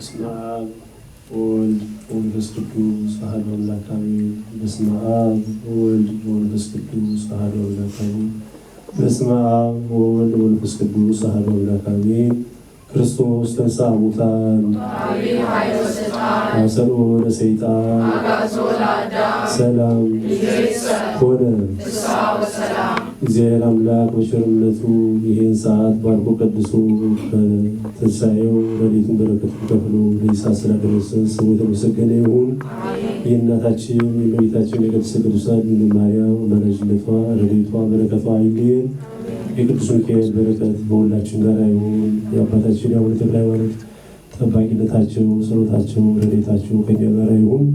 በስመ አብ ወወልድ ወመንፈስ ቅዱስ አሐዱ አምላክ አሜን። በስመ አብ ወወልድ ወመንፈስ ቅዱስ አሐዱ አምላክ አሜን። በስመ አብ ወወልድ ወመንፈስ ቅዱስ አሐዱ አምላክ አሜን። ክርስቶስ ተንሥአ እሙታን አሰሮ ለሰይጣን ሰላም ሆነ። እግዚአብሔር አምላክ በቸርነቱ ይህን ሰዓት ባርኮ ቀድሶ በትንሣኤው ሌሊቱን በረከቱን ከፍሎ ለይሳ ስላደረሰ ስሙ የተመሰገነ ይሁን። የእናታችን የእመቤታችን የቅድስት ቅዱሳን ድንግል ማርያም መረጅነቷ፣ ረድኤቷ፣ በረከቷ አይለየን። የቅዱስ ሚካኤል በረከት በሁላችን ጋር ይሁን። የአባታችን የአቡነ ተክለ ሃይማኖት ጠባቂነታቸው፣ ጸሎታቸው፣ ረድኤታቸው ከኛ ጋር ይሁን።